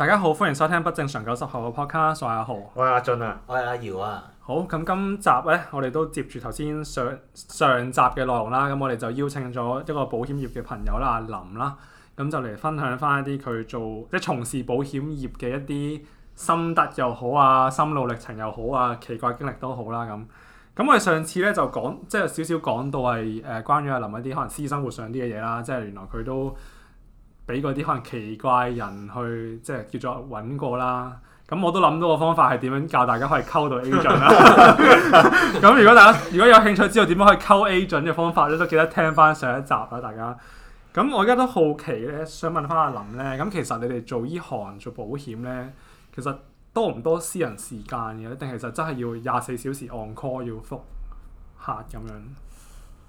大家好，歡迎收聽不正常九十後嘅 p o d c 我係阿豪，我係阿俊啊，喂啊我係阿姚啊。好，咁今集咧，我哋都接住頭先上上集嘅內容啦，咁我哋就邀請咗一個保險業嘅朋友啦、啊，阿林啦，咁就嚟分享翻一啲佢做即係從事保險業嘅一啲心得又好啊，心路歷程又好啊，奇怪經歷都好啦、啊。咁，咁我哋上次咧就講，即係少少講到係誒、呃，關於阿、啊、林一啲可能私生活上啲嘅嘢啦，即係原來佢都。俾嗰啲可能奇怪人去，即係叫做揾過啦。咁我都諗到個方法係點樣教大家可以溝到 agent 啦。咁 如果大家如果有興趣知道點樣可以溝 agent 嘅方法咧，都記得聽翻上，上一集啦，大家。咁我而家都好奇咧，想問翻阿林咧。咁其實你哋做依行做保險咧，其實多唔多私人時間嘅？定其實真係要廿四小時 on call 要復客咁樣？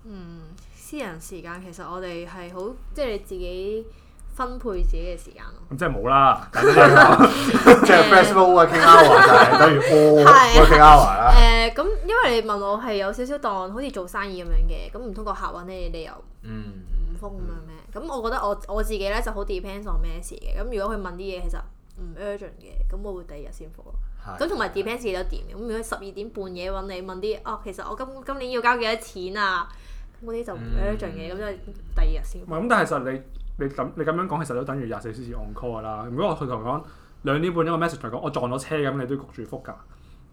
嗯，私人時間其實我哋係好即係你自己。分配自己嘅時間咯，咁即係冇啦， 即係 fast forward 係等於 over 傾下話啦。咁、呃、因為你問我係有少少當好似做生意咁樣嘅，咁唔通過客揾你、嗯，你又唔復咁樣咩？咁我覺得我我自己咧就好 depends on 我咩事嘅。咁如果佢問啲嘢其實唔 urgent 嘅，咁我會第二日先復咯。咁同埋 depends 幾多點？咁如果十二點半嘢揾你問啲，哦，其實我今今,今年要交幾多錢啊？咁嗰啲就唔 urgent 嘅。咁即係第二日先。咁、嗯，但係其實你。你咁你咁樣講，其實都等於廿四小時 on call 啦。如果我佢同我講兩點半一個 message 講我撞咗車咁，你都焗住覆噶。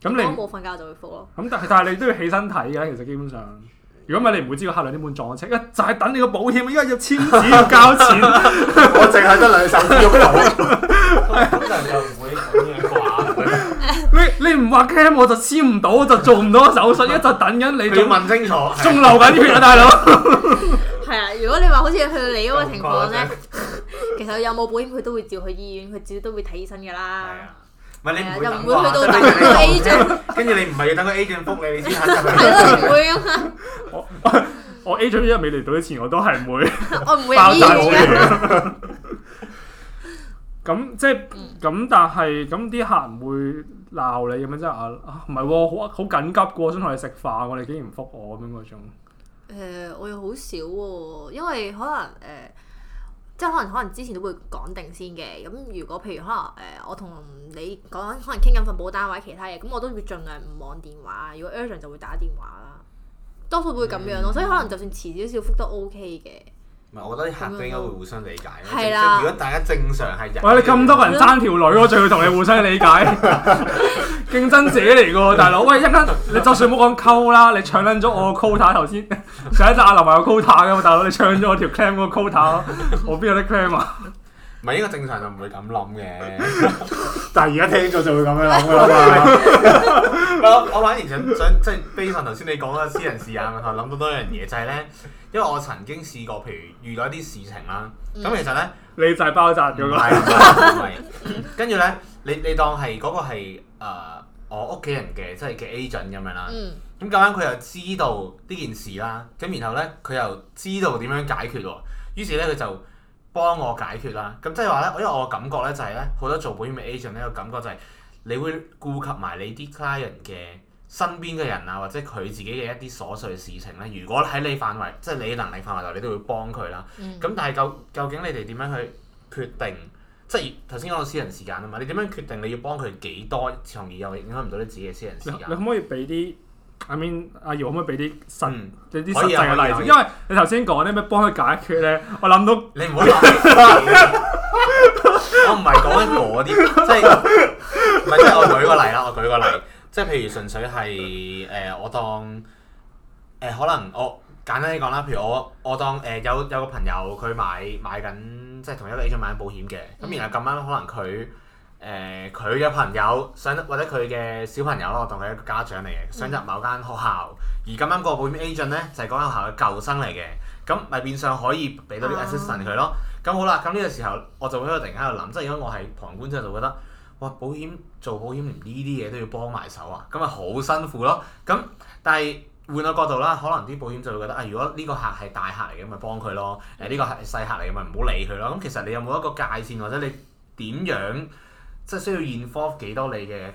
咁你我冇瞓覺就會覆咯。咁但係但係你都要起身睇嘅，其實基本上。如果唔係你唔會知道個客兩點半撞咗車。一就係、是、等你個保險，因為要簽字交錢， 我淨係得兩手要。咁 就唔會咁樣掛。你你唔話驚我就簽唔到，就做唔到手術，一就等緊你。要問清楚。仲流緊血啊，是的 大佬哥！ 係啊，如果你話好似佢你嗰個情況咧，其實有冇保險佢都會照去醫院，佢照都會睇醫生噶啦。係、嗯、啊，唔係你又唔會去到 agent，跟住你唔係要等佢 agent 覆你，你先係咯，唔 會啊 我我 agent 一日未嚟到之前，我都係唔會，我唔會爆大水。咁即係咁，但係咁啲客唔會鬧你咁樣，即係啊唔係，好好緊急噶，想同你食飯，我哋竟然唔覆我咁樣嗰種。誒、呃、我又好少喎、哦，因為可能誒、呃，即係可能可能之前都會講定先嘅。咁、嗯、如果譬如可能誒、呃，我同你講，可能傾緊份保單或者其他嘢，咁、嗯、我都會盡量唔望電話。如果 urgent 就會打電話啦，多數會咁樣咯。嗯、所以可能就算遲少少覆都 OK 嘅。唔係，我覺得啲客都應該會互相理解。係啦，如果大家正常係人，喂，你咁多個人爭條女，我仲要同你互相理解？ 競爭者嚟嘅大佬，喂，一間你就算唔好講溝啦，你搶撚咗我個 quota 頭先， 上一集阿林話有 quota 㗎嘛，大佬你搶咗我條 claim 個 quota， 我邊有得 claim 啊？唔係應該正常就唔會咁諗嘅， 但係而家聽咗就會咁樣諗噶嘛。我我話緊，其實想即係 base on 頭先你講嘅私人事啊，然後諗多一樣嘢就係、是、咧，因為我曾經試過譬如遇到一啲事情啦，咁、嗯、其實咧你就係包紮是，咗、嗯。係唔跟住咧你你當係嗰個係、呃、我屋企人嘅，即係嘅 agent 咁樣啦。咁咁、嗯、樣佢又知道呢件事啦，咁然後咧佢又知道點樣解決喎。於是咧佢就。幫我解決啦，咁即係話咧，因為我嘅感覺咧就係咧，好多做保險嘅 agent 呢個感覺就係、是就是，你會顧及埋你啲 client 嘅身邊嘅人啊，或者佢自己嘅一啲瑣碎事情咧。如果喺你範圍，即、就、係、是、你能力範圍內，你都會幫佢啦。咁、嗯、但係，究究竟你哋點樣去決定？即係頭先嗰個私人時間啊嘛，你點樣決定你要幫佢幾多，從而又影響唔到你自己嘅私人時間？你，你可唔可，可以俾啲？I mean, 阿明姨，阿瑤可唔可以俾啲新即啲實際嘅例子？以因為你頭先講啲咩幫佢解決咧？嗯、我諗到你唔好， 我唔係講緊嗰啲， 即係唔係即係我舉個例啦。我舉個例，舉個例，即係譬如純粹係誒、呃，我當誒、呃、可能我簡單啲講啦。譬如我我當誒、呃、有有個朋友佢買買緊，即係同一個 agent 買緊保險嘅。咁 然後咁啱可能佢。誒佢嘅朋友想或者佢嘅小朋友咯，當佢一個家長嚟嘅，想入某間學校。嗯、而咁啱個保險 agent 咧就係、是、嗰間學校嘅舊生嚟嘅，咁咪變相可以俾到啲 a s、嗯、s i s t a n t 佢咯。咁好啦，咁呢個時候我就會喺度突然間度諗，即係如果我係旁觀者就覺得，哇！保險做保險連呢啲嘢都要幫埋手啊，咁咪好辛苦咯。咁但係換個角度啦，可能啲保險就會覺得啊，如果呢個客係大客嚟嘅，咪幫佢咯。誒呢、嗯、個係細客嚟嘅，咪唔好理佢咯。咁其實你有冇一個界線，或者你點樣？即係需要 involve 幾多你嘅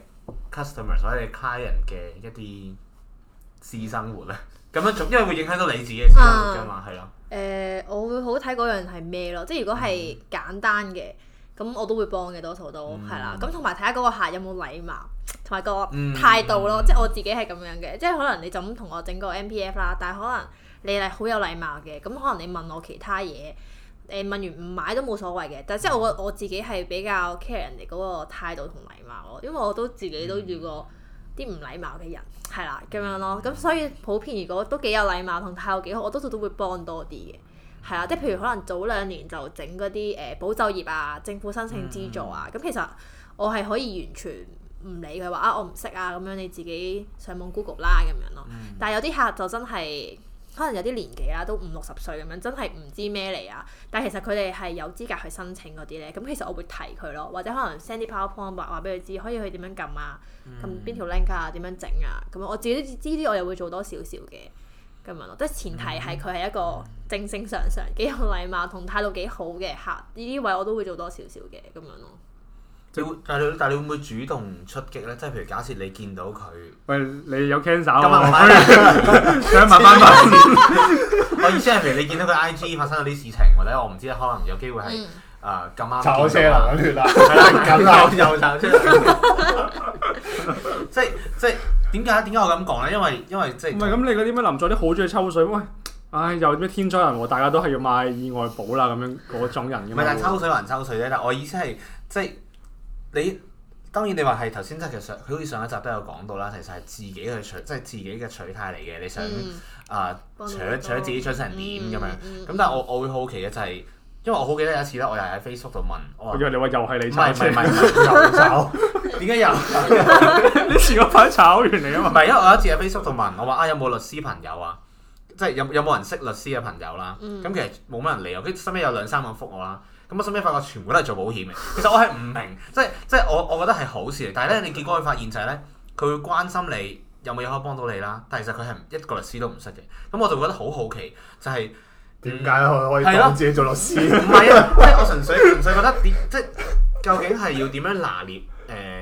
customer 或者嘅 client 嘅一啲私生活咧，咁 樣做，因為會影響到你自己嘅私生活嘅嘛，係咯、嗯。誒的、呃，我會好睇嗰樣係咩咯？即係如果係簡單嘅，咁、嗯、我都會幫嘅多數都係啦。咁同埋睇下嗰個客有冇禮貌同埋個態度咯。嗯嗯、即係我自己係咁樣嘅，即係可能你就咁同我整個 M P F 啦，但係可能你係好有禮貌嘅，咁可能你問我其他嘢。誒問完唔買都冇所謂嘅，但係即係我我自己係比較 care 人哋嗰個態度同禮貌咯，因為我都自己都遇過啲唔禮貌嘅人，係啦咁樣咯，咁所以普遍如果都幾有禮貌同態度幾好，我多數都會幫多啲嘅，係啦，即係譬如可能早兩年就整嗰啲誒保就業啊、政府申請資助啊，咁、嗯、其實我係可以完全唔理佢話啊我唔識啊咁樣，你自己上網 Google 啦咁樣咯，嗯、但係有啲客就真係。可能有啲年紀啦，都五六十歲咁樣，真係唔知咩嚟啊！但其實佢哋係有資格去申請嗰啲咧，咁其實我會提佢咯，或者可能 send 啲 powerpoint 話話俾佢知，可以去點樣撳啊，撳邊、嗯、條 link 啊，點樣整啊，咁我自己知啲我又會做多少少嘅咁樣咯，即係前提係佢係一個正正常常、幾有禮貌同態度幾好嘅客，呢啲位我都會做多少少嘅咁樣咯。但你但你會唔會主動出擊咧？即係譬如假設你見到佢，喂，你有 cancer 啊？咁慢慢問，我意思係譬如你見到佢 IG 發生咗啲事情，或者我唔知可能有機會係誒咁啱。坐車啦，啦，係啦，又又坐車。即係即係點解點解我咁講咧？因為因為即係唔係咁？你嗰啲咩林作啲好中意抽水喂？唉，又咩天災人禍？大家都係要買意外保啦咁樣嗰種人。唔係，但抽水還抽水啫。但我意思係即係。你當然你話係頭先即係其實佢好似上一集都有講到啦，其實係自己去取，即係自己嘅取態嚟嘅。你想啊，搶搶自己搶成點咁樣？咁、嗯、但係我我會好奇嘅就係，因為我好記得有一次咧，我又喺 Facebook 度問我話，你話又係你唔係唔係唔係又炒？點解又？你前嗰排炒完嚟啊嘛？唔係因為我有一次喺 Facebook 度問我話啊，有冇律師朋友啊？即係有有冇人識律師嘅朋友啦？咁其實冇乜人理啊，跟住收尾有兩三個覆我啦。咁我身邊發覺全部都係做保險嘅，其實我係唔明 即，即係即係我我覺得係好事嚟，但係咧你結果會發現就係咧，佢會關心你有冇嘢可以幫到你啦，但係其實佢係一個律師都唔識嘅，咁我就覺得好好奇，就係點解佢可以自己做律師？唔係啊，啊 即係我純粹純粹覺得，即究竟係要點樣拿捏誒？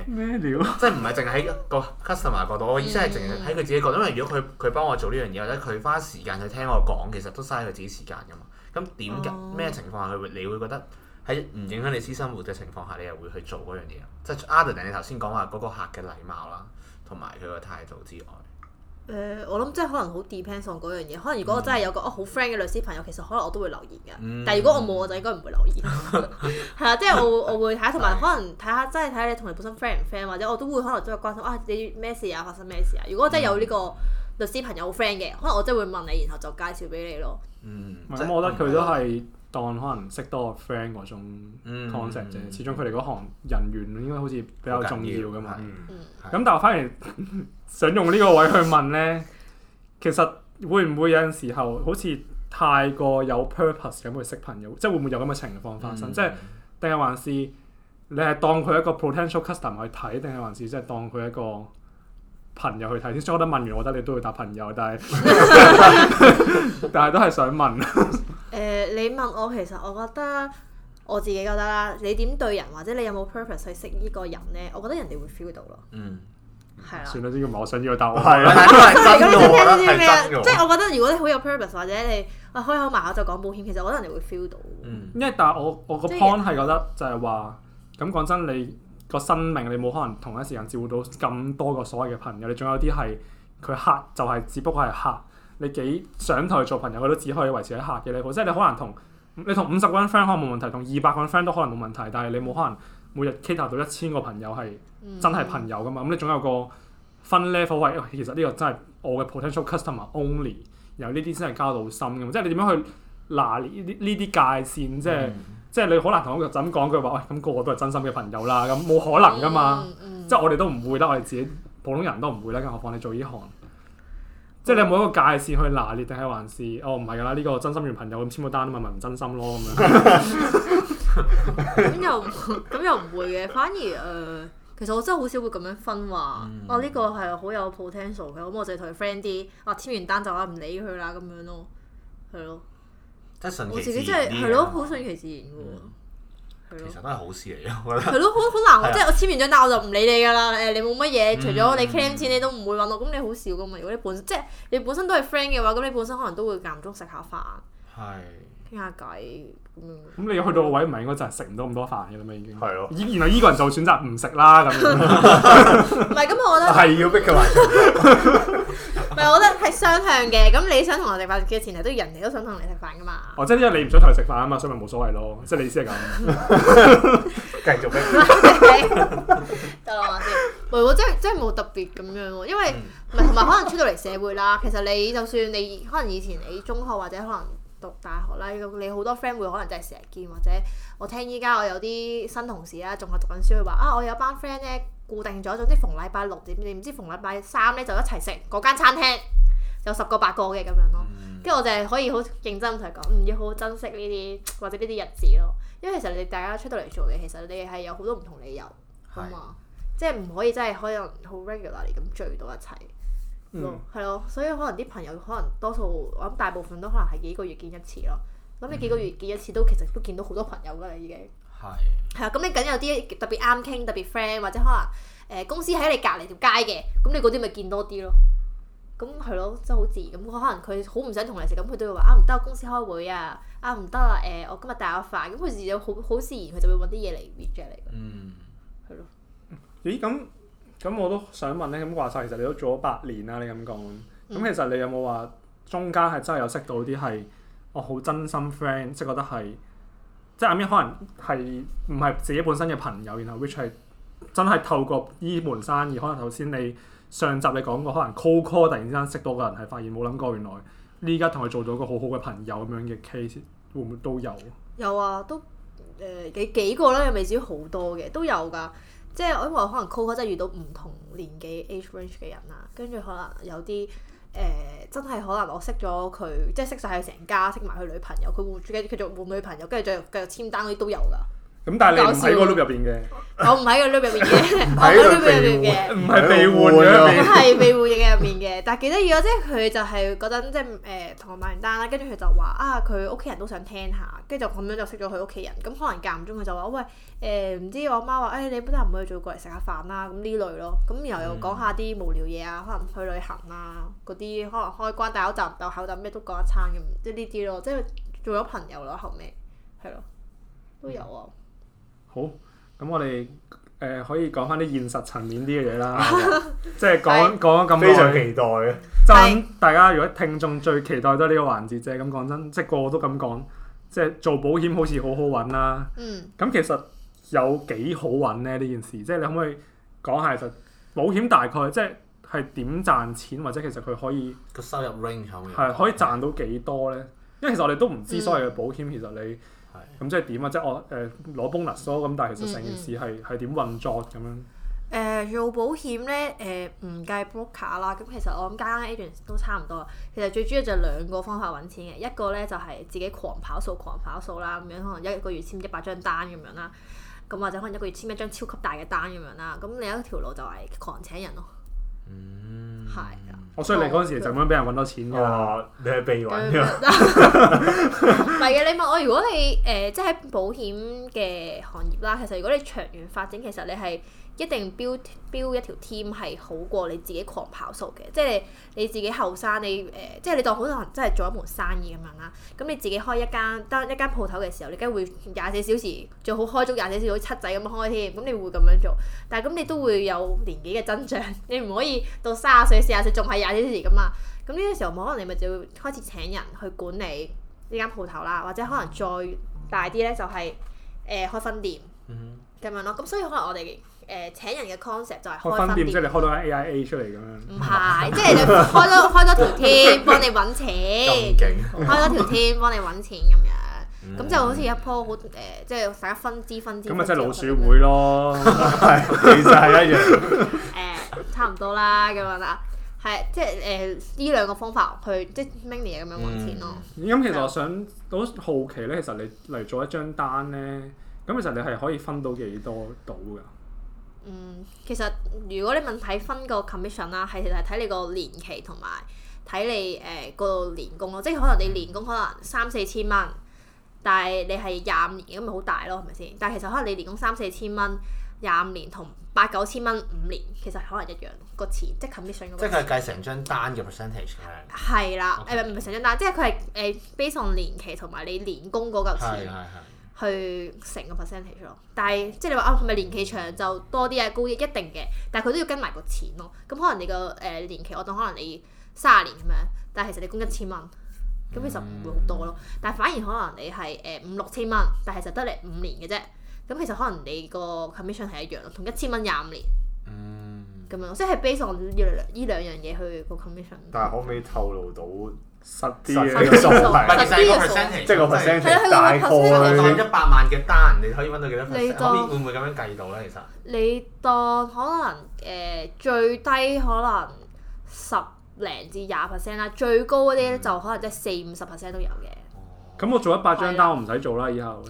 咩、呃、料？即係唔係淨係喺個 customer 角度，我意思係淨係喺佢自己角度，Yeah. 因為如果佢佢幫我做呢樣嘢或者佢花時間去聽我講，其實都嘥佢自己時間㗎嘛。咁點解？咩情況下佢會你會覺得喺唔影響你私生活嘅情況下，你又會去做嗰樣嘢？即係阿達你頭先講話嗰個客嘅禮貌啦，同埋佢個態度之外，誒、呃、我諗即係可能好 depends on 嗰樣嘢。可能如果我真係有個好 friend 嘅律師朋友，嗯、其實可能我都會留言嘅。嗯、但係如果我冇，我就應該唔會留言。係 啊，即係我我會睇，同埋可能睇下的真係睇下你同你本身 friend 唔 friend，或者我都會可能真係關心啊。你咩事啊？發生咩事啊？如果真係有呢個律師朋友好 friend 嘅，可能我真係會問你，然後就介紹俾你咯。嗯，咁，我覺得佢都係當可能識多個 friend 嗰種 concept 啫。始終佢哋嗰行人緣應該好似比較重要㗎嘛。咁、嗯嗯、但係反而、嗯、想用呢個位去問咧， 其實會唔會有陣時候好似太過有 purpose 咁去識朋友，嗯、即係會唔會有咁嘅情況發生？嗯、即係定係還是你係當佢一個 potential custom 去睇，定係還是即係當佢一個朋友去睇先，所以覺得問完，我覺得你都會答朋友，但係 但係都係想問。誒、呃，你問我其實我覺得我自己覺得啦，你點對人或者你有冇 purpose 去識呢個人咧？我覺得人哋會 feel 到咯。嗯，係啦的，算啦，呢個唔係我想要答，我答。係啊，真㗎喎，真㗎。即係 我覺得如果你好有 purpose 或者你啊開口埋口就講保險，其實我覺得人哋會 feel 到。嗯，因為但係我我個 point 係覺得就係話，咁講真你。個生命你冇可能同一時間照顧到咁多個所謂嘅朋友，你仲有啲係佢客就係只不過係客。你幾想同佢做朋友，佢都只可以維持喺客嘅 level 即係你可能同你同五十個 friend 可能冇問題，同二百個 friend 都可能冇問題，但係你冇可能每日傾頭到一千個朋友係真係朋友噶嘛？咁、嗯、你總有個分 level 位，其實呢個真係我嘅 potential customer only，然後呢啲先係交到心嘅，即係你點樣去嗱呢啲呢啲界線即係。嗯即係你好難同佢就咁講句話，喂、哎、咁、那個個都係真心嘅朋友啦，咁冇可能㗎嘛！嗯嗯、即係我哋都唔會啦，我哋自己普通人都唔會啦，更何況你做呢行，即係你有冇一個界線去拿捏定係還是哦唔係㗎啦，呢、這個真心完朋友咁簽個單啊嘛，咪唔真心咯咁樣。咁又咁又唔會嘅，反而誒、呃，其實我真係好少會咁樣分話，哦、嗯，呢、啊這個係好有 potential 嘅，咁我就同佢 friend 啲，我 friendly，啊、簽完單就話唔理佢啦咁樣咯，係咯。自我自己真係，順其自然啲了，咯了，好順其自然噶喎。嗯、了其實都係好事嚟咯，我覺得。係咯，好好難喎！即係了我簽完張單，但我就唔理你㗎啦。誒、呃，你冇乜嘢，除咗你 claim 錢，你都唔會揾我。咁、嗯、你好少噶嘛？如果你本即係、就是、你本身都係 friend 嘅話，咁你本身可能都會間唔中食下飯。係。傾下偈咁，咁你去到個位唔係應該就係食唔到咁多飯嘅啦咩？已經係咯，依然後依個人就選擇唔食啦咁。唔係咁，我覺得係要逼佢話。唔係，我覺得係雙向嘅。咁你想同我食飯嘅前提，都要人哋都想同你食飯噶嘛？哦，即係因為你唔想同佢食飯啊嘛，所以咪冇所謂咯。即係你意思係咁，繼續咩？得啦嘛啲，唔係喎，即係即係冇特別咁樣喎。因為唔係同埋可能出到嚟社會啦，其實你就算你可能以前你中學或者可能。讀大學啦，咁你好多 friend 會可能就係成日見，或者我聽依家我有啲新同事啦，仲係讀緊書，佢話啊，我有班 friend 呢，固定咗，總之逢禮拜六點點，唔知逢禮拜三呢，就一齊食嗰間餐廳，有十個八個嘅咁樣咯。跟住、嗯、我就係可以好認真咁同佢講，嗯，要好好珍惜呢啲或者呢啲日子咯。因為其實你大家出到嚟做嘢，其實你哋係有好多唔同理由啊嘛，即係唔可以真係可能好 regular 嚟咁聚到一齊。咯，係咯、嗯，所以可能啲朋友可能多數，我諗大部分都可能係幾個月見一次咯。咁你幾個月見一次都其實都見到好多朋友噶啦，已經。係係啊。係、嗯、啊，咁你梗有啲特別啱傾、特別 friend 或者可能誒、呃、公司喺你隔離條街嘅，咁你嗰啲咪見多啲咯。咁係咯，真係好自然。咁可能佢好唔想同你食，咁佢都會話啊，唔得，公司開會啊，啊唔得啊。」誒我今日帶咗飯，咁佢自然好好自然，佢就會揾啲嘢嚟 reject 嚟。嗯。係咯。咦？咁。咁我都想問咧，咁話晒其實你都做咗八年啦、啊，你咁講，咁、嗯、其實你有冇話中間係真係有識到啲係我好真心 friend，即係覺得係，即係後可能係唔係自己本身嘅朋友，然後 which 係真係透過依門生意，可能頭先你上集你講過，可能 call call 突然之間識到個人，係發現冇諗過，原來呢家同佢做咗個好好嘅朋友咁樣嘅 case，會唔會都有？有啊，都誒、呃、幾幾個啦、啊，又未至於好多嘅，都有噶。即係，因為我可能 Coco 真係遇到唔同年紀 age range 嘅人啦，跟住可能有啲誒、呃，真係可能我識咗佢，即係識晒佢成家，識埋佢女朋友，佢換住跟住繼續換女朋友，跟住再繼續簽單嗰啲都有㗎。咁但係你唔喺個 group 入邊嘅，我唔喺個 group 入邊嘅，我喺 group 入邊嘅，唔係被換嘅，唔係被換嘅入邊嘅。但係記得如果即係佢就係嗰陣即係誒同我買完單啦，跟住佢就話啊，佢屋企人都想聽下，跟住就咁樣就識咗佢屋企人。咁可能間唔中佢就話，喂誒，唔、呃、知我媽話誒、哎，你本身唔去做過嚟食下飯啦，咁呢類咯。咁然後又講下啲無聊嘢啊，可能去旅行啊，嗰啲可能開關大口枕、大口枕咩都講一餐咁，即係呢啲咯，即係做咗朋友咯後尾，係咯，都有啊。 好，咁我哋誒、呃、可以講翻啲現實層面啲嘅嘢啦，即係講講咁多， 是非常期待嘅，啊。真的， 大家如果聽眾最期待都係呢個環節啫。咁講真，即係個個都咁講，即係做保險好似好好搵啦。嗯，咁其實有幾好搵咧呢件事，即、就、係、是、你可唔可以講下？其實保險大概即係係點賺錢，或者其實佢可以個收入 range 係可以賺到幾多咧？嗯、因為其實我哋都唔知所謂嘅保險，其實你。嗯咁即係點啊？即係我誒攞、呃、bonus 咯，咁但係其實成件事係係點運作咁樣？誒做、呃、保險咧，誒、呃、唔計 broker 啦，咁其實我諗間 agency 都差唔多。其實最主要就兩個方法揾錢嘅，一個咧就係、是、自己狂跑數、狂跑數啦，咁樣可能一個月簽一百張單咁樣啦。咁或者可能一個月簽一張超級大嘅單咁樣啦。咁另一條路就係狂請人咯。嗯，係啊。我所以你嗰陣時就咁樣俾人揾到錢㗎，哦哦、你係被揾㗎。唔係嘅，你問我，如果你誒、呃、即係喺保險嘅行業啦，其實如果你長遠發展，其實你係一定標標一條 team 係好過你自己狂跑數嘅。即係你，你自己後生，你誒、呃、即係你當好多人真係做一門生意咁樣啦。咁你自己開一間當一間鋪頭嘅時候，你梗係會廿四小時最好開足廿四小時好似七仔咁開添。咁你會咁樣做，但係咁你都會有年紀嘅增長。你唔可以到三十歲、四十歲仲係。廿幾年咁嘛，咁呢個時候冇可能，你咪就要開始請人去管理呢間鋪頭啦，或者可能再大啲咧、就是，就係誒開分店，咁樣咯。咁、嗯嗯嗯、所以可能我哋誒、呃、請人嘅 concept 就係開分店，分店即係你開到間 A I A 出嚟咁樣。唔係、嗯呃，即係你開多開多條 team 幫你搵錢，開多條 team 幫你搵錢咁樣，咁就好似一樖好誒，即係大家分支分支。咁咪即係老鼠會咯， 其實係一樣。 誒、呃，差唔多啦，咁樣啦。係，即係誒呢兩個方法去即係 m i n 咁樣揾錢咯。咁、嗯嗯、其實我想好對吧 好奇咧，其實你嚟做一張單咧，咁其實你係可以分到幾多度噶？到嗯，其實如果你問睇分個 commission 啦、啊，係其實睇你個年期同埋睇你誒個、呃、年工咯。即係可能你年工可能三四千蚊，但係你係廿五年咁咪好大咯，係咪先？但係其實可能你年工三四千蚊。廿五年同八九千蚊五年，其實可能一樣錢個錢，即 commission 嗰個錢。即係佢計成張單嘅 percentage 的。係。係啦，誒唔係成張單，即係佢係誒 base on 年期同埋你年供嗰嚿錢去成個 percentage 咯。但係即係你話啊，係咪年期長就多啲啊，高啲一定嘅，但係佢都要跟埋個錢咯。咁可能你個誒、呃、年期我當可能你三十年咁樣，但係其實你供一千蚊，咁其實唔會好多咯。嗯、但係反而可能你係誒五六千蚊，但係其實得你五年嘅啫。咁其實可能你個 commission 係一樣同一千蚊廿五年，嗯，咁樣即係 base on 依兩依兩樣嘢去個 commission。但係可唔可以透露到實啲嘅數係，唔係淨係個 percentage，即係個 percentage 大個佢一百萬嘅單，你可以揾到幾多 percent？會唔會咁樣計到咧？其實你當可能誒最低可能十零至廿 percent 啦，最高嗰啲咧就可能即係四五十 percent 都有嘅。咁我做一百張單，我唔使做啦，以後。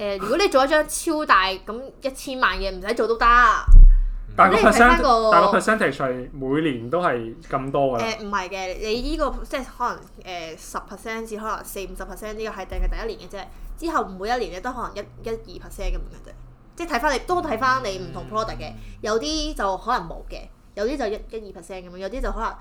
誒、呃，如果你做一張超大咁一千萬嘅，啊，唔使做都得。但係個 percent，但 percentage 每年都係咁多嘅。誒、呃，唔係嘅，你呢，這個即係可能誒十 percent 至可能四五十 percent 呢個係定係第一年嘅啫。之後每一年咧都可能一一二 percent 咁樣嘅，啫。即係睇翻你都睇翻你唔同 product 嘅。嗯，有啲就可能冇嘅，有啲就一一二 percent 咁樣，有啲就可能。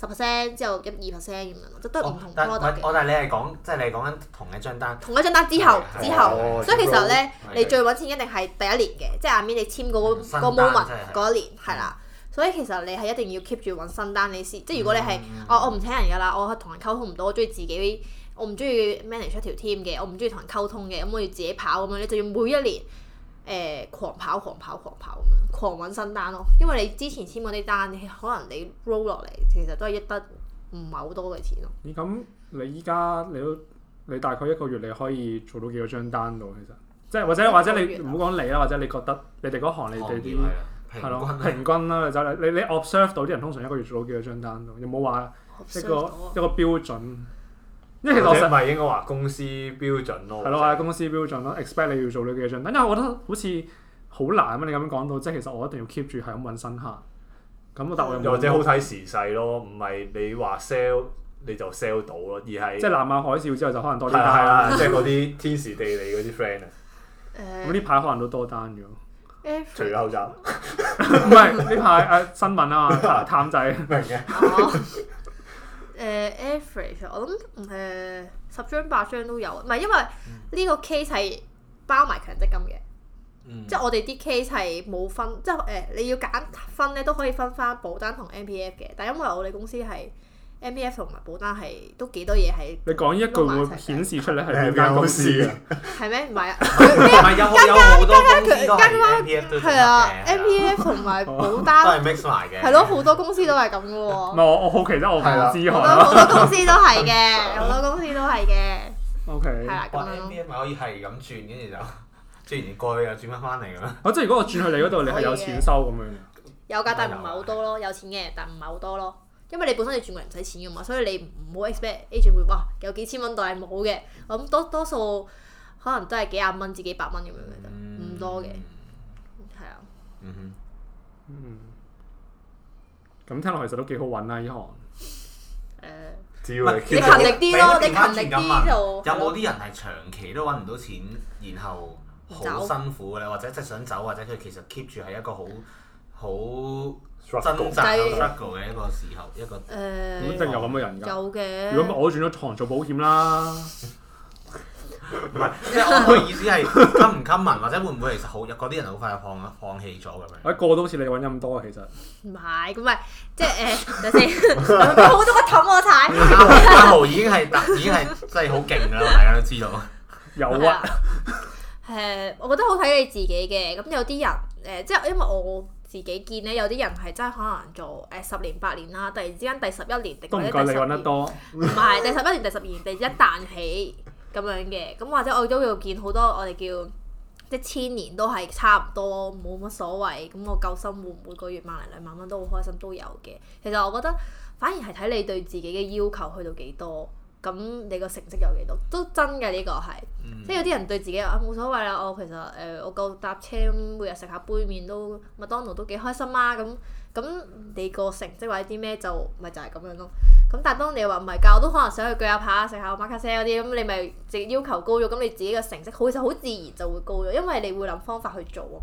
十 percent 之後一二 percent 咁樣，即係都係唔同 product、哦、但係的你係講即係你係講緊同一張單。同一張單之後，對之後，對所以其實咧，對你最揾錢一定係第一年嘅，即係下面你 m i 簽嗰、嗰個 moment 嗰、就是、一年係啦。嗯、所以其實你係一定要 keep 住揾新單，你先。即係如果你係、嗯哦、我我唔請人㗎啦，我同人溝通唔到，我中意自己，我唔中意 manage 一條 team 嘅，我唔中意同人溝通嘅，咁我要自己跑咁樣，你就要每一年。誒、呃、狂跑、狂跑、狂跑咁樣，狂揾新單咯。因為你之前簽嗰啲單，你可能你 roll 落嚟，其實都係益得唔係好多嘅錢咯。咁你依家你都你大概一個月你可以做到幾多張單到？其實，即係或者或者你唔好講你啦，或者你覺得你哋嗰行、啊、你哋啲係咯平均啦、啊，就你你 observe 到啲人通常一個月做到幾多張單到？有冇話一個一個標準？因為其實我實即係唔係應該話公司標準咯？係咯，公司標準咯，expect 你要做呢個標準。但因為我覺得好似好難啊！你咁講到，即係其實我一定要 keep 住係咁揾新客。咁但係又或者好睇時勢咯，唔係你話 sell 你就 sell 到咯，而係即係南亞海嘯之後就可能多單。係啊，即係嗰啲天時地利嗰啲 friend 啊。誒，咁呢排可能都多單咗。除咗口罩，唔係呢排誒新聞啊嘛，探仔明嘅。誒、uh, average，我諗誒十張八張都有，唔係，因為呢個 case 係包埋強積金嘅，即係我哋啲 case 係冇分，即係誒你要揀分咧都可以分翻保單同 MPF 嘅，但係因為我哋公司係。M P F 同埋保單係都幾多嘢係，你講呢一句會顯示出咧係邊間公司啊？係咩？唔係啊，唔係有有好多公司，係啊，M P F 同埋保單都係 mix 埋嘅，係咯，好多公司都係咁嘅喎。唔係我，我好奇得我唔知喎。好多公司都係嘅，好多公司都係嘅。O K。係啦，咁樣。M P F 咪可以係咁轉，跟住就轉完過又轉返返嚟咁樣。哦，即係如果我轉去你嗰度，你係有錢收咁樣嘅？有㗎，但係唔係好多咯，有錢嘅，但係唔係好多咯。因為你本身你轉過嚟唔使錢嘅嘛，所以你唔好 expect agent 會哇有幾千蚊，但係冇嘅，咁多多數可能都係幾廿蚊至幾百蚊咁樣嘅唔、嗯、多嘅，係啊。咁、嗯嗯、聽落其實都幾好揾啊呢行。呃、你勤力啲咯，是你勤力啲。力有冇啲人係長期都揾唔到錢，然後好辛苦嘅走或者即係想走，或者佢其實 keep 住係一個好。好掙扎啊！覺得嘅一個時候，一個咁真有咁嘅人㗎。有嘅。如果唔係，我都轉咗行做保險啦。唔係，即係我嘅意思係，襟唔襟聞或者會唔會其實好，有啲人好快放放棄咗咁樣。我個都好似你揾咁多啊，其實。唔係，咁咪即係誒，頭先。好中意氹我睇。阿豪已經係已經係真係好勁啦，大家都知道。有啊。誒，我覺得好睇你自己嘅。咁有啲人誒，即係因為我。自己見呢，有啲人係真係可能做誒、哎、十年八年啦，突然之間第十一年、定第十年，唔係是 第十一年、第十二年，第一旦起咁樣嘅。咁、嗯、或者我都要見好多我哋叫即係千年都係差唔多，冇乜所謂。咁、嗯、我夠生活每個月萬零兩萬蚊都好開心都有嘅。其實我覺得反而係睇你對自己嘅要求去到幾多。咁你個成績有幾多？都真㗎呢、這個係，嗯、即係有啲人對自己話啊冇所謂啦、哦呃，我其實誒我夠搭車，每日食下杯麪都麥當勞都幾開心啊咁。咁你個成績或者啲咩就咪就係咁樣咯。咁但係當你話唔係教，都可能想去鋸下扒啊，食下馬卡龍嗰啲咁，你咪自己要求高咗，咁你自己嘅成績佢就好自然就會高咗，因為你會諗方法去做啊。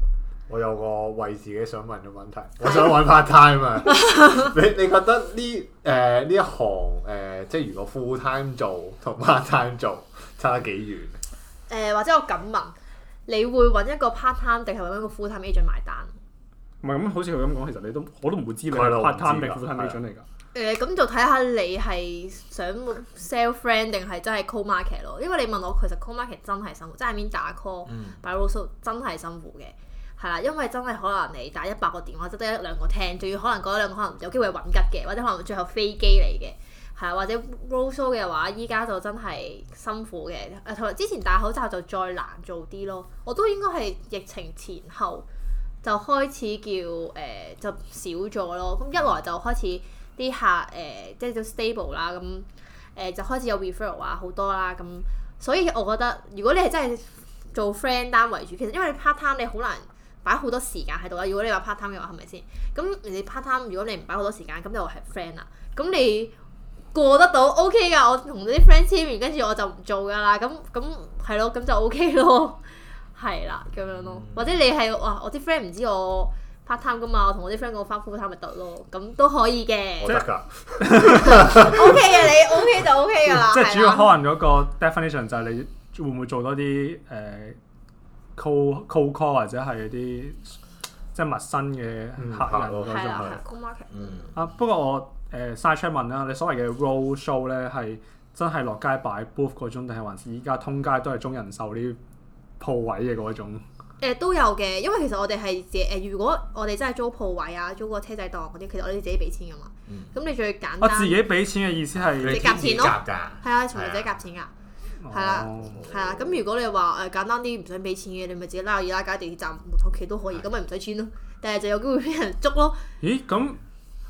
我有個為自己想問嘅問題，我想揾 part time 啊！ 你你覺得呢誒呢一行誒、呃，即係如果 full time 做同 part time 做差得幾遠，呃？或者我敢問，你會揾一個 part time 定係揾一個 full time agent 埋單？唔係咁，好似佢咁講，其實你都我都唔會知你係 part time 定 full time agent 嚟㗎。誒咁、嗯嗯、就睇下你係想 sell friend 定係真係 call market 咯。因為你問我，其實 call market 真係辛苦，即係喺面打 call，by low 數真係辛苦嘅。係啦，因為真係可能你打一百個電話，得得一兩個聽，仲要可能嗰一兩個可能有機會揾吉嘅，或者可能最後飛機嚟嘅，係啊，或者 roadshow 嘅話，依家就真係辛苦嘅。呃、同埋之前戴口罩就再難做啲咯。我都應該係疫情前後就開始叫誒、呃、就少咗咯。咁一來就開始啲客誒即係都 stable 啦，咁、嗯、誒、呃、就開始有 referral 話好多啦。咁、嗯、所以我覺得如果你係真係做 friend 單為主，其實因為你 part time 你好難。擺好多時間喺度啦，如果你話 part time 嘅話，係咪先？咁你 part time，如果你唔擺好多時間，咁就係 friend 啦。咁你過得到 OK 噶，我同啲 friend 簽完，跟住我就唔做噶啦。咁咁係咯，咁就 OK 咯，係啦咁樣咯。嗯、或者你係哇，我啲 friend 唔知我 part time 噶嘛，我同我啲 friend 講我翻 full time 咪得咯，咁都可以嘅，得噶 ，OK 嘅你 OK 就 OK 噶啦。我了即係主要可能嗰個 definition 就係你會唔會做多啲誒？呃 call call call 或者係啲即係陌生嘅客人。係啦，係 cold market 啊，不過我誒 aside 問啦，你所謂嘅 road show 咧，係真係落街擺 booth 嗰種，定係還是依家通街都係中人壽啲鋪位嘅嗰種，嗯？都有嘅，因為其實我哋係誒，如果我哋真係租鋪位啊，租個車仔檔嗰啲，其實我哋自己俾錢㗎嘛。嗯。咁、嗯、你最簡單。我、啊、自己俾錢嘅意思係你、啊、自己夾錢咯。係啊，全部自己夾錢啊！係啦，係啦，咁如果你話誒簡單啲唔使俾錢嘅，你咪自己拉二拉街、地鐵站、木頭企都可以，咁咪唔使錢咯。第日就有機會俾人捉咯。咦？咁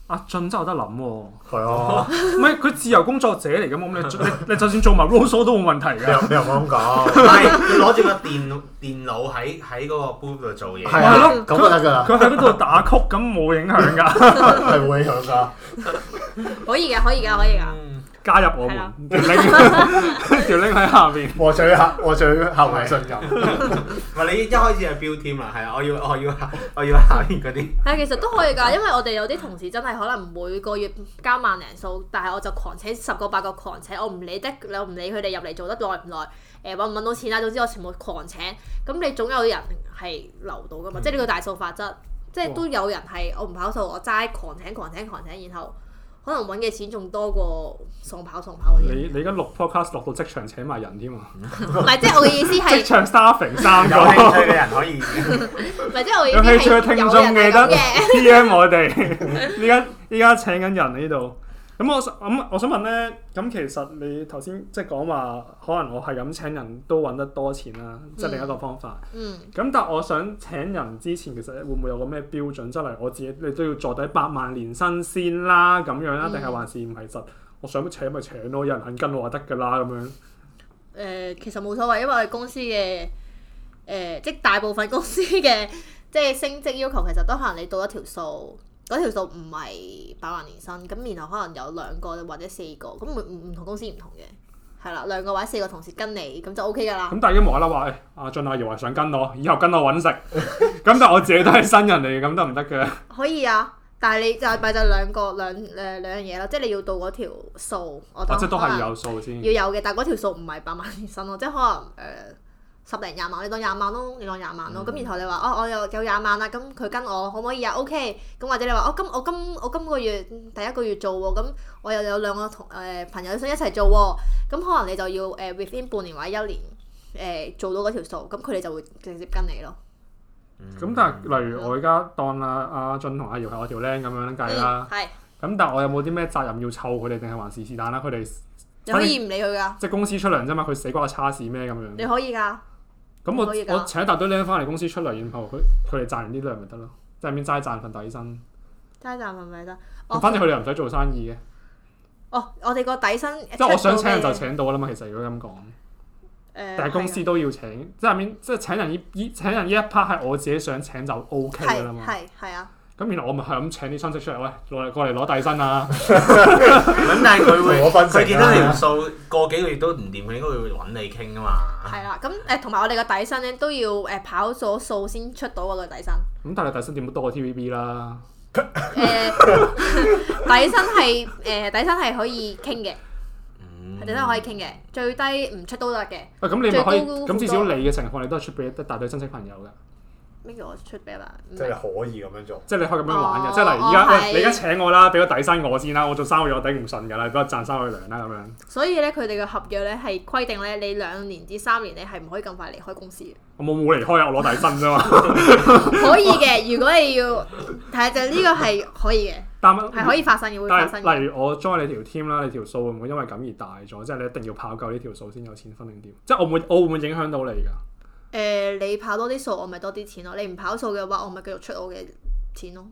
阿俊真有得諗喎。係啊，唔係佢自由工作者嚟嘅嘛，咁你你就算做埋 r o l l 都冇問題嘅。又又唔啱咁講，係攞住個電電腦喺喺嗰個 booth 度做嘢。係啊，咁就得㗎啦。佢喺度打曲，咁冇影響㗎，係冇影響㗎。可以嘅，可以嘅，可以㗎。加入我們條是的 鈴，喺下面 我最下，獲取客，獲取客戶嘅信任。你一開始係 build team 啊，係啊，我要，我要下，我要下邊嗰啲。係其實都可以㗎，因為我哋有啲同事真係可能每個月交萬零數，但係我就狂請十個八個狂請，我唔理得，你唔理佢哋入嚟做得耐唔耐，誒揾唔揾到錢啦，總之我全部狂請。咁你總有人係留到㗎嘛？嗯、即係呢個大數法則，即係都有人係我唔跑數，我齋狂請狂請狂請，然後。可能揾嘅錢仲多過送跑送跑啲。你你而家錄 podcast 錄到職場請埋人添啊！唔係，即係我嘅意思係，職場沙成三個有趣嘅人可以。 唔係，即係我意思係，有啲聽眾記得，PM 我哋依家依家請緊人呢度。咁我咁我想問咧，咁其實你頭先即係講話，可能我係咁請人都揾得多錢啦，即係、嗯、另一個方法。嗯。咁但係我想請人之前，其實會唔會有個咩標準出嚟？即係、我自己你都要坐底百萬年薪先啦，咁樣啦，定係、嗯、還是唔係實？我想請咪請咯，有人肯跟我就得㗎啦，咁樣。誒、呃，其實冇所謂，因為我哋公司嘅誒、呃，即係大部分公司嘅即係升職要求，其實都可能你到一條數。嗰條數唔係百萬年薪，咁然後可能有兩個或者四個，咁唔唔同公司唔同嘅，係啦，兩個或者四個同事跟你，咁就 O K 㗎啦。咁大家無啦啦話，阿俊阿耀話想跟我，以後跟我揾食，咁 但係我自己都係新人嚟，咁 都唔得嘅。可以啊，但係你就咪就兩個兩誒、呃、兩樣嘢咯，即係你要到嗰條數，我、哦、即係都係要有數先要有嘅，但係嗰條數唔係百萬年薪咯，即係可能誒。呃十零廿萬，你當廿萬咯，你當廿萬咯。咁、嗯、然後你話哦，我有有廿萬啦，咁佢跟我可唔可以啊？O K，咁或者你話、哦、我今我今我今個月第一個月做喎，咁我又有兩個同誒、呃、朋友想一齊做喎，咁可能你就要誒、呃、within 半年或者一年誒、呃、做到嗰條數，咁佢哋就會直接跟你咯。咁、嗯嗯、但係例如我而家當阿、啊、阿、嗯啊、俊同阿瑤係我條靚咁樣計啦，係、嗯。咁但我有冇啲咩責任要湊佢哋定係還是是但啦？佢哋可以唔理佢噶？即係 公司出糧啫嘛，佢死瓜叉屎咩咁樣？你可以噶。咁我我請一大堆靚翻嚟公司出嚟，然後佢佢哋賺完啲糧咪得咯，即係面齋賺份底薪，齋賺份咪得。我、哦、反正佢哋唔使做生意嘅。哦，我哋個底薪即係我想請人就請到啦嘛，其實如果咁講。誒、呃，但係公司都要請，的即係邊即係請人呢呢請人呢一 part 係我自己想請就 O K 嘅啦嘛。係係啊。咁原來我咪係咁請啲親戚出嚟喂，攞嚟過嚟攞底薪啊！咁 但係佢會，佢見 到條、 呃呃、數到過幾個月都唔掂，佢應該會揾你傾噶嘛。係啦，咁誒同埋我哋嘅底薪咧都要誒跑咗數先出到個底薪。咁但係底薪點都多過 TVB 啦。誒底薪係誒底薪係可以傾嘅，嗯、底薪可以傾嘅，最低唔出都得嘅。咁、啊嗯、你唔可以咁，至少你嘅情況你都係出俾一大堆親戚朋友嘅。俾我出俾啦，即係可以咁樣做，即係你可以咁樣玩嘅，即係例如依家，你依家請我啦，俾個底薪我先啦，我做三個月，我頂唔順噶啦，不如賺三個月糧啦咁樣。所以咧，佢哋嘅合約咧係規定咧，你兩年至三年你係唔可以咁快離開公司嘅。我冇冇離開啊，我攞底薪啫嘛。可以嘅，如果你要係就呢個係可以嘅，但係可以發生嘅。但係例如我 join 你條 team 啦，你條數會唔會因為咁而大咗？即係你一定要跑夠呢條數先有錢分定點？即係我會我會唔會影響到你噶？誒，你跑多啲數，我咪多啲錢咯。你唔跑數嘅話，我咪繼續出我嘅錢咯。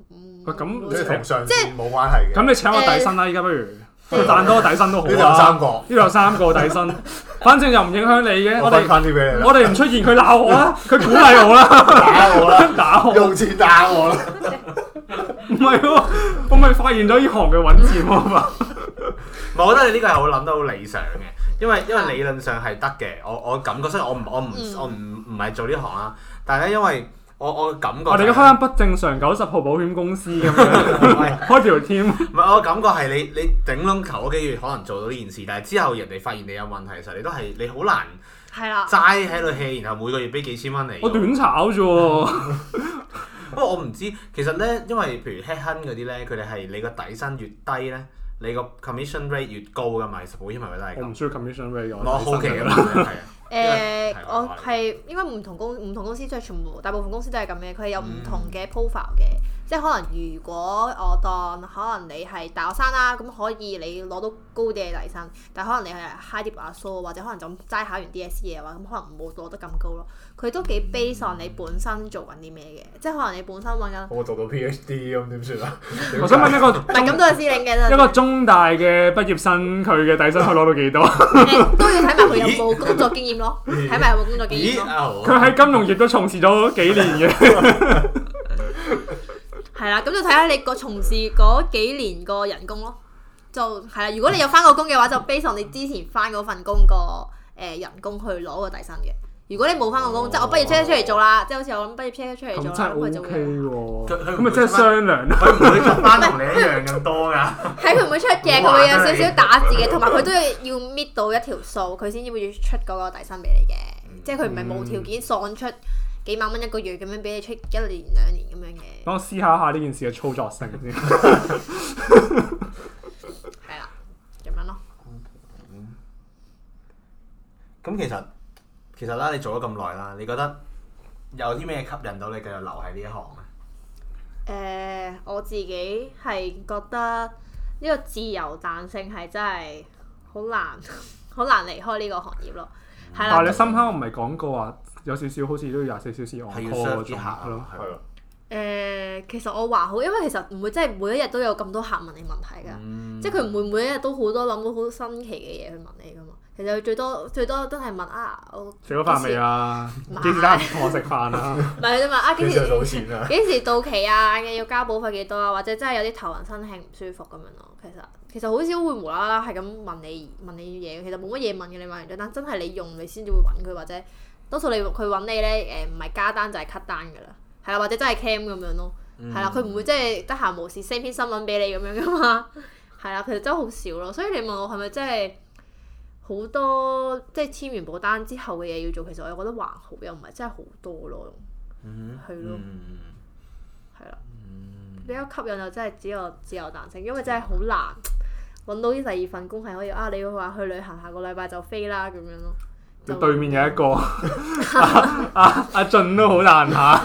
咁即係同上次冇關係嘅。咁你請我底薪啦，依家不如佢彈多底薪都好，呢度三個，呢度三個底薪，反正又唔影響你嘅。我哋翻啲俾你。我哋唔出現，佢鬧我啦，佢鼓勵我啦，打我啦，打，用錢打我啦。唔係喎，我咪發現咗呢行嘅穩陣啊嘛。我覺得你呢個係好諗得好理想嘅。因為因為理論上係得嘅，我我感覺我，所以我唔、嗯、我唔我唔唔係做呢行啊。但係咧，因為我我感覺、就是，我哋開間不正常，九十號保險公司咁樣 開條 team。唔係， 我感覺係你你頂籠求嗰幾月可能做到呢件事，但係之後人哋發現你有問題，嘅時候，你都係你好難。係啦的。齋喺度 hea，然後每個月俾幾千蚊你。我短炒啫喎。 不過我唔知，其實咧，因為譬如 head hunt 嗰啲咧，佢哋係你個底薪越低咧。你個 commission rate 越高嘅咪保險，為 rate, 為因為佢都係我唔需要 commission rate，我好奇啦。係啊，誒，我係因為唔同公唔同公司，即係 全部大部分公司都係咁嘅，佢係有唔同嘅 profile 嘅。嗯即係可能，如果我當、啊、可，可能你係大學生啦，咁可以你攞到高啲嘅底薪，但係可能你係 high Deep 啲阿蘇，或者可能就齋考完 DSE 嘅話，咁可能唔會攞得咁高咯。佢都幾 base on 你本身做緊啲咩嘅，即係可能你本身揾緊。我做到 PhD 咁點算啊？我想問一個唔咁多嘅師兄嘅一個中大嘅畢業生，佢嘅底薪可以攞到幾多、 欸？都要睇埋佢有冇工作經驗咯，睇埋咦有冇工作經驗佢喺咦金融業都從事咗幾年嘅。 係啦，咁就睇下你個從事嗰幾年個人工咯，就係啦。如果你有翻過工嘅話，就 base on 你之前翻嗰份工個誒人工去攞個底薪嘅。如果你冇翻過工，哦、即係我畢業車出嚟做啦，哦、即係好似我諗畢業車出嚟做咁咪、OK、就 O K 喎，咁咪即係商量啦，佢唔會出翻同你一樣咁多噶。係佢唔會出嘅，佢 會有少少打字嘅，同埋佢都要要搣到一條數，佢先至會出嗰個底薪俾你嘅。即係佢唔係無條件喪出。嗯幾萬蚊一個月咁樣俾你出一年兩年咁樣嘅，等我思考下呢件事嘅操作性先。 係啦，咁樣咯。咁、嗯、其實其實啦，你做咗咁耐啦，你覺得有啲咩吸引到你繼續留喺呢一行咧？誒、呃，我自己係覺得呢個自由彈性係真係好難，好難離開呢個行業咯。係啦、嗯，但係你深刻我唔係講過話？有少少好似都要廿四小時 on call 嗰種，係咯，係啊。誒，其實我話好，因為其實唔會真係每一日都有咁多客問你問題㗎，即係佢唔會每一日都好多諗到好新奇嘅嘢去問你㗎嘛。其實佢最多最多都係問啊，食咗飯未啊？幾時得空食飯啊？唔係啫嘛，幾時幾時到期啊？要交保費幾多啊？或者真係有啲頭暈身興唔舒服咁樣咯。其實其實好少會無啦啦係咁問你問你嘢，其實冇乜嘢問嘅。你買完張單，真係你用你先至會揾佢或者。多數你佢揾你呢，誒唔係加單就係 cut 單噶啦，係啦、啊，或者真係 cam 咁樣咯，係啦、mm，佢、hmm. 唔、啊、會即係得閒無事 send 篇新聞俾你咁樣噶嘛，係 啦、啊，其實真係好少咯，所以你問我係咪真係好多即係簽完保單之後嘅嘢要做，其實我又覺得還好，又唔係真係好多咯，mm hmm. 啊、嗯，係咯、嗯，係啦、啊，比較吸引就真係只有自由彈性，因為真係好難揾到啲第二份工係可以啊，你要話、啊、去旅行，下個禮拜就飛啦咁樣咯。對面有一個，阿阿俊都好難下，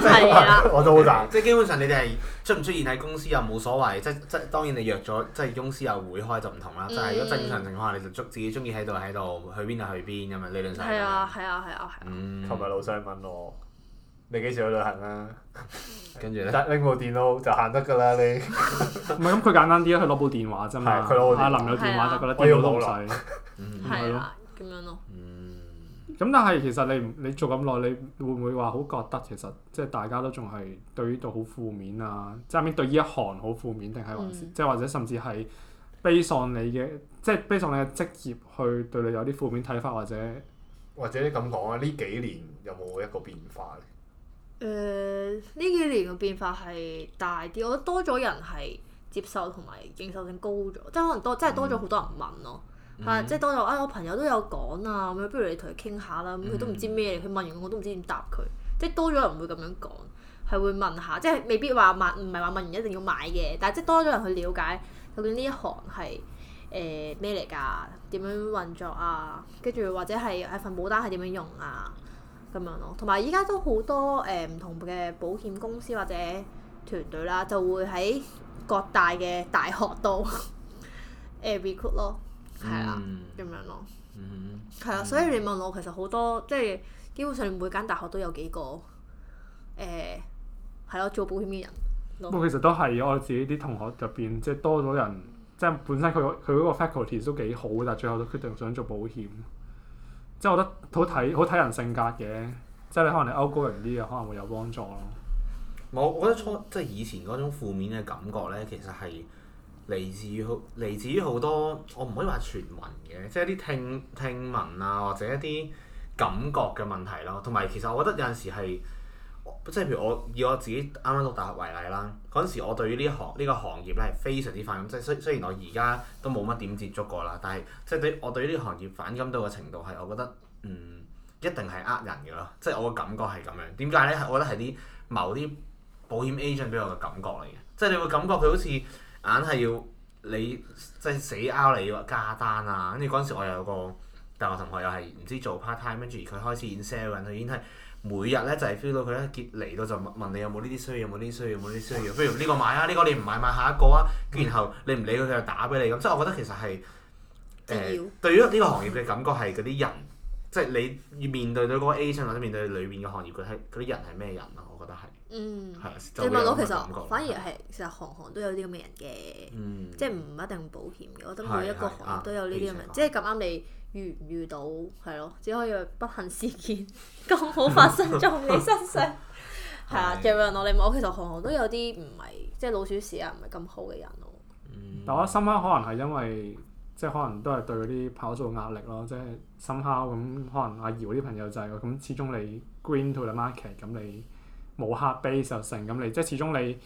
我都好難。即係基本上你哋係出唔出現喺公司又冇所謂，即即當然你約咗，即係公司又會開就唔同啦。但係如果正常情況下，你就中自己中意喺度喺度，去邊就去邊咁樣！理論上，係啊係啊係啊！啊。同埋老上問我，你幾時去旅行啊？跟住咧，拎部電腦就行得噶啦。你唔係咁佢簡單啲啊？佢攞部電話啫嘛。係佢攞電話，阿有電話就覺得啲嘢都唔係咯，咁樣咯。咁但係其實你你做咁耐，你會唔會話好覺得其實即係大家都仲係對呢度好負面啊？即係面對呢一行好負面，定係還是即係或者甚至係悲喪你嘅，即係悲喪你嘅職業去對你有啲負面睇法，或者或者你咁講啊？呢幾年有冇一個變化咧？誒、呃，呢幾年嘅變化係大啲，我覺得多咗人係接受同埋認受性高咗，即係可能多即係多咗好多人問咯。嗯係，嗯、即係當、哎、我朋友都有講啊，咁樣不如你同佢傾下啦。咁佢、嗯、都唔知咩佢問完我都唔知點答佢。即係多咗人會咁樣講，係會問下，即係未必話問，唔係話問完一定要買嘅。但係即係多咗人去了解究竟呢一行係誒咩嚟㗎？點、呃、樣運作啊？跟住或者係份保單係點樣用啊？咁樣咯。呃、同埋依家都好多誒唔同嘅保險公司或者團隊啦，就會喺各大嘅大學度誒、 呃、recruit 咯。係啊，咁、嗯、樣咯，係啊、嗯， 所以你問我其實好多，即係基本上每間大學都有幾個，誒、呃，係咯，做保險嘅人。不過其實都係我自己啲同學入邊，即係多咗人，即係本身佢佢嗰個 faculty 都幾好，但係最後都決定想做保險。即係我覺得好睇好睇人性格嘅，即係你可能你勾高人啲嘅，可能會有幫助咯。唔我覺得初即係以前嗰種負面嘅感覺咧，其實係。嚟自於嚟自於好多，我唔可以話傳聞嘅，即係一啲聽聽聞啊，或者一啲感覺嘅問題咯。同埋其實我覺得有陣時係即係譬如我以我自己啱啱讀大學為例啦，嗰陣時我對於呢行呢個行業咧係非常之反感。即係雖雖然我而家都冇乜點接觸過啦，但係即係對我對於呢行業反感到嘅程度係，我覺得嗯一定係呃人嘅咯。即係我嘅感覺係咁樣。點解咧？係我覺得係啲某啲保險 agent 俾我嘅感覺嚟嘅，即係你會感覺佢好似。硬係要你即係死拗你要話加單啊！跟住嗰陣時我又有個大學同學又係唔知做 part time 跟住佢開始演 sell 嘅，佢已經係每日咧就係 feel 到佢咧嚟到就問問你有冇呢啲需要，有冇呢啲需要，有冇呢啲需要？譬如呢個買啊，呢個你唔買買下一個啊。然後你唔理佢，佢就打俾你咁，即係我覺得其實係誒、呃、妙對於呢個行業嘅感覺係嗰啲人，即係你要面對到嗰個 agency 或者面對裏面嘅行業，佢係嗰啲人係咩人啊？我覺得係。嗯，你問我其實反而係，其實行行都有啲咁嘅人嘅，即係唔一定保險嘅。我覺得每一個行業都有呢啲咁嘅，即係咁啱你遇唔遇到係咯，只可以不幸事件咁好發生在你身上。係啊，其實問我你問我其實行行都有啲唔係，即係老鼠屎啊唔係咁好嘅人咯。但我深刻可能係因為，即係可能都係對嗰啲跑數壓力咯，即係深諗咁。可能阿姚啲朋友就係咁，始終你 green to the market 咁你。冇 base pay 就成咁，你即係始終你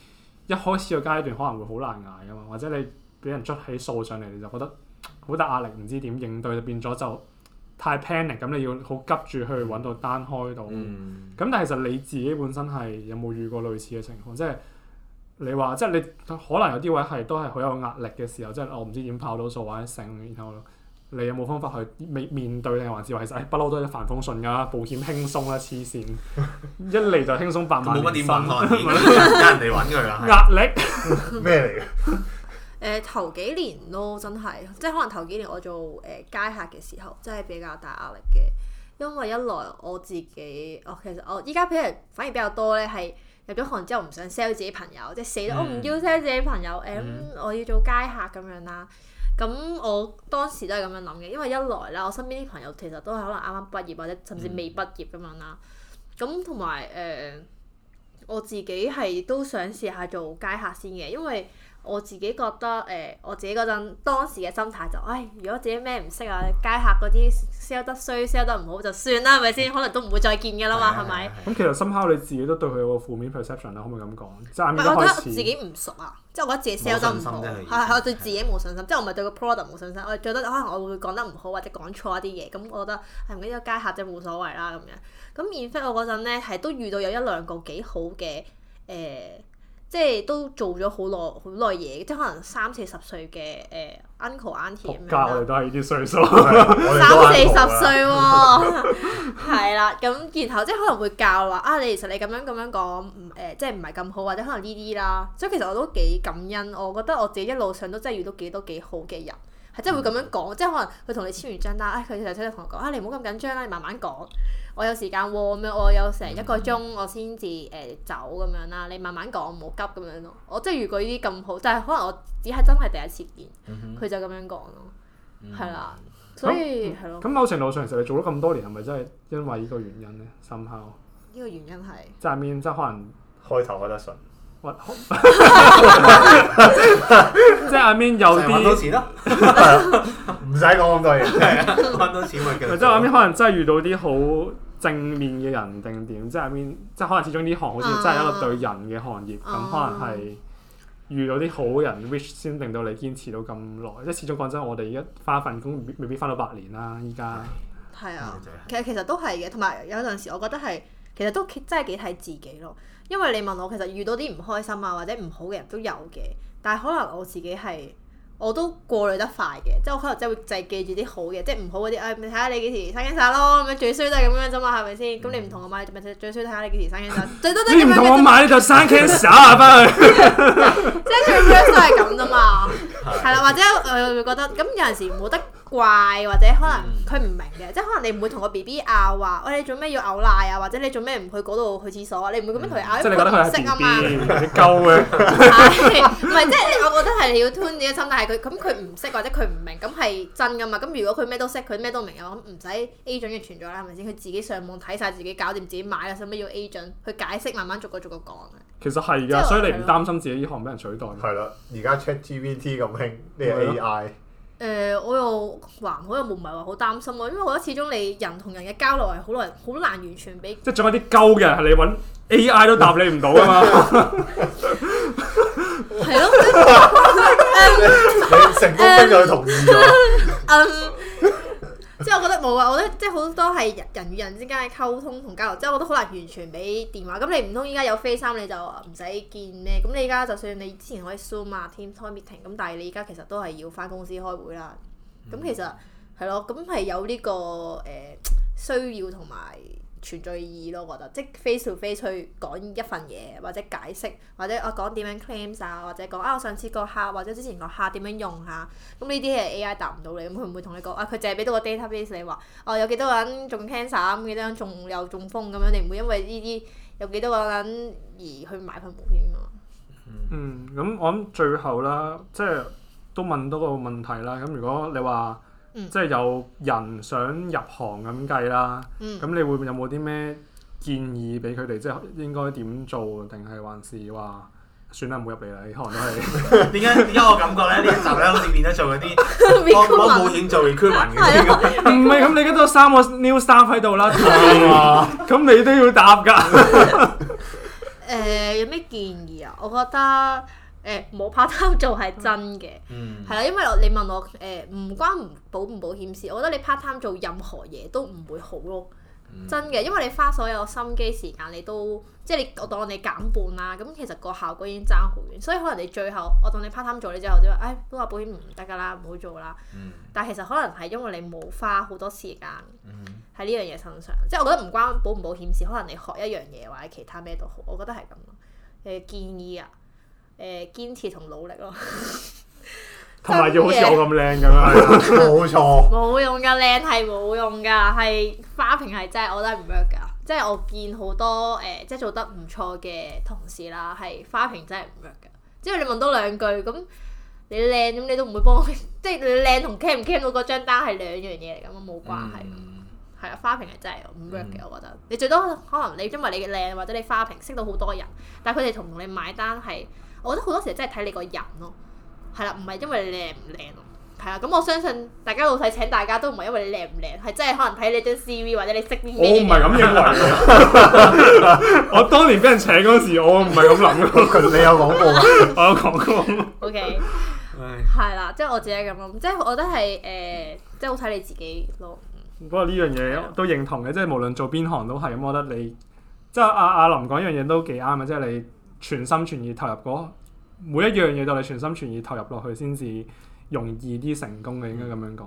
一開始個階段可能會好難捱啊嘛，或者你俾人捉起數上嚟，你就覺得好大壓力，唔知點應對，就變咗就太 panic，咁你要好急住去揾到單開到。咁、嗯、但係其實你自己本身係有冇遇過類似嘅情況？即係你話即係你可能有啲位係都係好有壓力嘅時候，即係我唔知點跑到數或者成，然後。你有冇方法去面面對呢個環節？其實不嬲都係一帆風順㗎啦，保險輕鬆啦、啊，黐線！ 一嚟就輕鬆百萬，冇乜點分開，加人哋揾佢啊！壓力咩嚟嘅？誒頭、 呃、幾年咯，真係即係可能頭幾年我做誒、呃、街客嘅時候，真係比較大壓力嘅，因為一來我自己，哦，其實我依家譬如反而比較多呢，係入咗行之後唔想 sell 自己朋友，即係死都、嗯、我唔要 sell 自己朋友，誒、嗯嗯、我要做街客咁樣啦。嗯嗯嗯咁我當時都係咁樣諗嘅，因為一來啦，我身邊啲朋友其實都係可能啱啱畢業或者甚至未畢業咁樣啦，咁同埋誒我自己係都想試下做街客先嘅，因為，我自己覺得誒、欸，我自己嗰陣當時嘅心態就係，唉。如果自己咩唔識啊，街客嗰啲 sell 得衰，sell 得唔好就算啦，係咪先？嗯、可能都唔會再見嘅啦嘛，係咪、嗯？咁、嗯、其實深刻你自己都對佢有個負面 perception 啦，可唔可以咁講？即係面都開始，我覺得自己唔熟啊，即係覺得自己 sell 得唔好。係係，我對自己冇的信心，即係我唔係對個 product 冇信心，我覺得可能我會講得唔好或者講錯一啲嘢，咁我覺得係呢個街客即係冇所謂啦咁樣。咁面飛我嗰陣呢，係都遇到有一兩個幾好嘅誒。欸即係都做咗好耐好耐嘢，即係可能三四十歲嘅、呃、uncle auntie 咁樣教我都係啲歲數， 三四十歲喎、啊，係啦。 咁然後即係可能會教話啊，你其實你咁樣咁樣講，誒、呃、即係唔係咁好，或者可能呢啲啦。所以其實我都幾感恩，我覺得我自己一路上都真係遇到幾多幾好嘅人。即係會咁樣講，即係可能佢同你簽完張單啦，佢就出同我講：啊，你唔好咁緊張啦，你慢慢講，我有時間喎，咁樣我有成一個鐘，我先至誒走咁樣啦。你慢慢講，唔好急咁樣咯。我即係如果呢啲咁好，但係可能我只係真係第一次見，佢、嗯、哼就咁樣講咯，係、嗯、啦。所以係咯。咁某程度上，其實你做咗咁多年，係咪真係因為呢個原因咧？深刻喎，呢個原因係，側面即係可能開頭嗰粒石。What ? 即係 I mean 有啲揾咯，唔使講咁多嘢，係啊，揾 到 錢，即係 I mean 可能真係遇到啲好正面嘅人定點？即係 I mean，即係可能始終呢行好似、uh, 真係一個對人嘅行業，咁、uh, uh. 可能係遇到啲好人，which 先令到你堅持到咁耐。即係始終講真，我哋而家翻份工，未必翻到八年啦。依家係啊，其實其實都係嘅，同埋有陣時我覺得係。其實都真係幾睇自己咯，因為你問我其實遇到啲唔開心啊或者唔好嘅人都有嘅，但係可能我自己係我都過濾得快嘅，即係我可能真係會就係記住啲好嘅，即係唔好嗰啲，誒你睇下你幾時生 cancer 咯，咁最衰都係咁樣啫嘛，係咪先？咁你唔同我買，最最最衰睇下你幾時生 cancer，最多都係你唔同我買你就生 cancer 啊，翻去，即係最衰都係咁啫嘛，係啦，或者誒會覺得咁有陣時冇得怪或者可能佢唔明嘅，嗯、即係可能你唔會同個 B B 拗話，我、哎、你做咩要嘔奶啊？或者你做咩唔去嗰度去廁所啊？你唔會咁樣同佢拗，即係、嗯、你覺得唔識啊嘛？你鳩啊！唔係即係我覺得係你要劏自己心，但係佢咁佢唔識或者佢唔明，咁係真噶嘛？咁如果佢咩都識，佢咩都明，我唔使 agent 嘅存在啦，係咪先？佢自己上網睇晒，自己搞掂，自己買啦，使咩要，要 agent 去解釋？慢慢逐個逐個講啊。其實係噶，所以，所以你唔擔心自己呢行俾人取代。係啦，而家 ChatGPT 咁興，啲 AI。誒、呃，我又還好，又冇唔係話好擔心咯，因為我覺得始終你人同人嘅交流係好難，好難完全俾，即係仲有啲鳩嘅，係你搵 AI 都答你唔到噶嘛。係咯，你成功逼佢同意咗。即係我覺得冇啊！我覺得即係好多係人人與人之間嘅溝通同交流，即係我覺得好難完全俾電話。咁你唔通依家有 Face 三你就唔使見咩？咁你依家就算你之前可以 Zoom 啊、Team time meeting，咁但係你依家其實都係要翻公司開會啦。咁、嗯、其實係咯，咁係有呢、個誒、呃、需要同埋。存在意義咯，我覺得即 face to face 去講一份嘢，或者解釋，或者我、啊、講點樣 claims 啊，或者講啊我上次個客或者之前個客點樣用吓，咁呢啲係 AI 答唔到你，咁佢唔會同你講啊，佢淨係俾到個 database 你話哦、啊、有幾多個人中 cancer，幾、啊、多人中又中風咁樣，你、啊、唔會因為呢啲有幾多個人而去買份保險嘛？嗯，咁我諗最後啦，即係都問到個問題啦。咁如果你話，即係有人想入行咁計啦，咁你會唔會有冇啲咩建議俾佢哋？即係應該點做，定係還是話算啦，唔好入嚟啦。你可能都係點解？點解我感覺咧呢集咧好似變咗做嗰啲幫幫冇錢做完 c 民嘅，唔係咁，你而家都有三個 new staff 喺度啦，咁你都要答㗎。誒，有咩建議啊？我覺得。誒冇，欸、part time 做係真嘅。係啦，嗯，因為你問我誒唔，欸、關唔保唔保險事，我覺得你 part time 做任何嘢都唔會好咯。嗯，真嘅，因為你花所有心機時間，你都即係你我當你減半啦，咁其實個效果已經爭好遠，所以可能你最後我當你 part time 做咗之後，就話誒都話保險唔得噶啦，唔好做啦。嗯，但其實可能係因為你冇花好多時間喺呢樣嘢身上，嗯，即係我覺得唔關保唔保險事，可能你學一樣嘢或者其他咩都好，我覺得係咁誒建議啊。誒堅持同努力咯，同埋要好似我咁靚咁啊！冇錯，冇用噶靚係冇用噶，係花瓶係真係我覺得唔 work 噶。即係我見好多誒，即係做得唔錯嘅同事啦，係花瓶真係唔 work 噶。即係你問多兩句，咁你靚咁你都唔會幫我，即係你靚同 can 唔 can 到嗰張單係兩樣嘢嚟㗎嘛，冇關係。係啊，花瓶係真係唔 work 嘅，我覺得。你最多可能你因為你靚或者你花瓶識到好多人，但係佢哋同你買單係。我覺得好多時候真係睇你個人咯，係啦，唔係因為你靚唔靚咯，係啦。咁我相信大家老細請大家都唔係因為你靚唔靚，係真係可能睇你張 C V 或者你識啲人。我唔係咁認為，我當年俾人請嗰時，我唔係咁諗。你有講過，我有講過。O K，係啦，即係我自己咁咯，即係我覺得係誒，即係好睇你自己咯。不過呢樣嘢都認同嘅，即係無論做邊行都係。咁、嗯、我覺得你，即係、啊、阿阿林講樣嘢都幾啱嘅，即係你。全心全意投入過每一樣嘢，都係全心全意投入落去，先至容易啲成功嘅，應該咁樣講。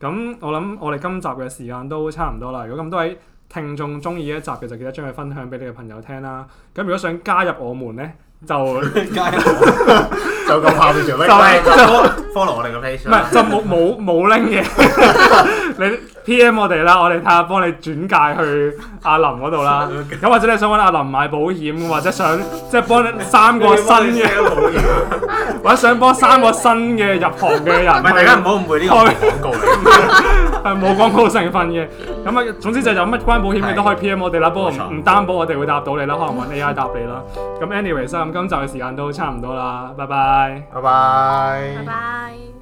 咁我諗我哋今集嘅時間都差唔多啦。如果咁多位聽眾中意呢一集嘅，就記得將佢分享俾你嘅朋友聽啦。咁如果想加入我們咧，就加入，就咁下邊就拎，follow 我哋嘅 page，唔係就冇冇冇拎嘢。你 P.M 我哋啦，我哋睇下幫你轉介去阿林嗰度啦。咁 或者你想揾阿林買保險，或者想即係幫三個新嘅， 保險 或者想幫三個新嘅入行嘅人。 唔係，大家唔好誤會呢 個係廣告嚟，係冇廣告成分嘅。咁啊，總之就有乜關保險嘅都可以 P.M 我哋啦， 不過唔唔擔保我哋會答到你啦，可能揾 A.I 答你啦。咁 ，anyways，咁今集嘅時間都差唔多啦，拜拜，拜拜，拜拜。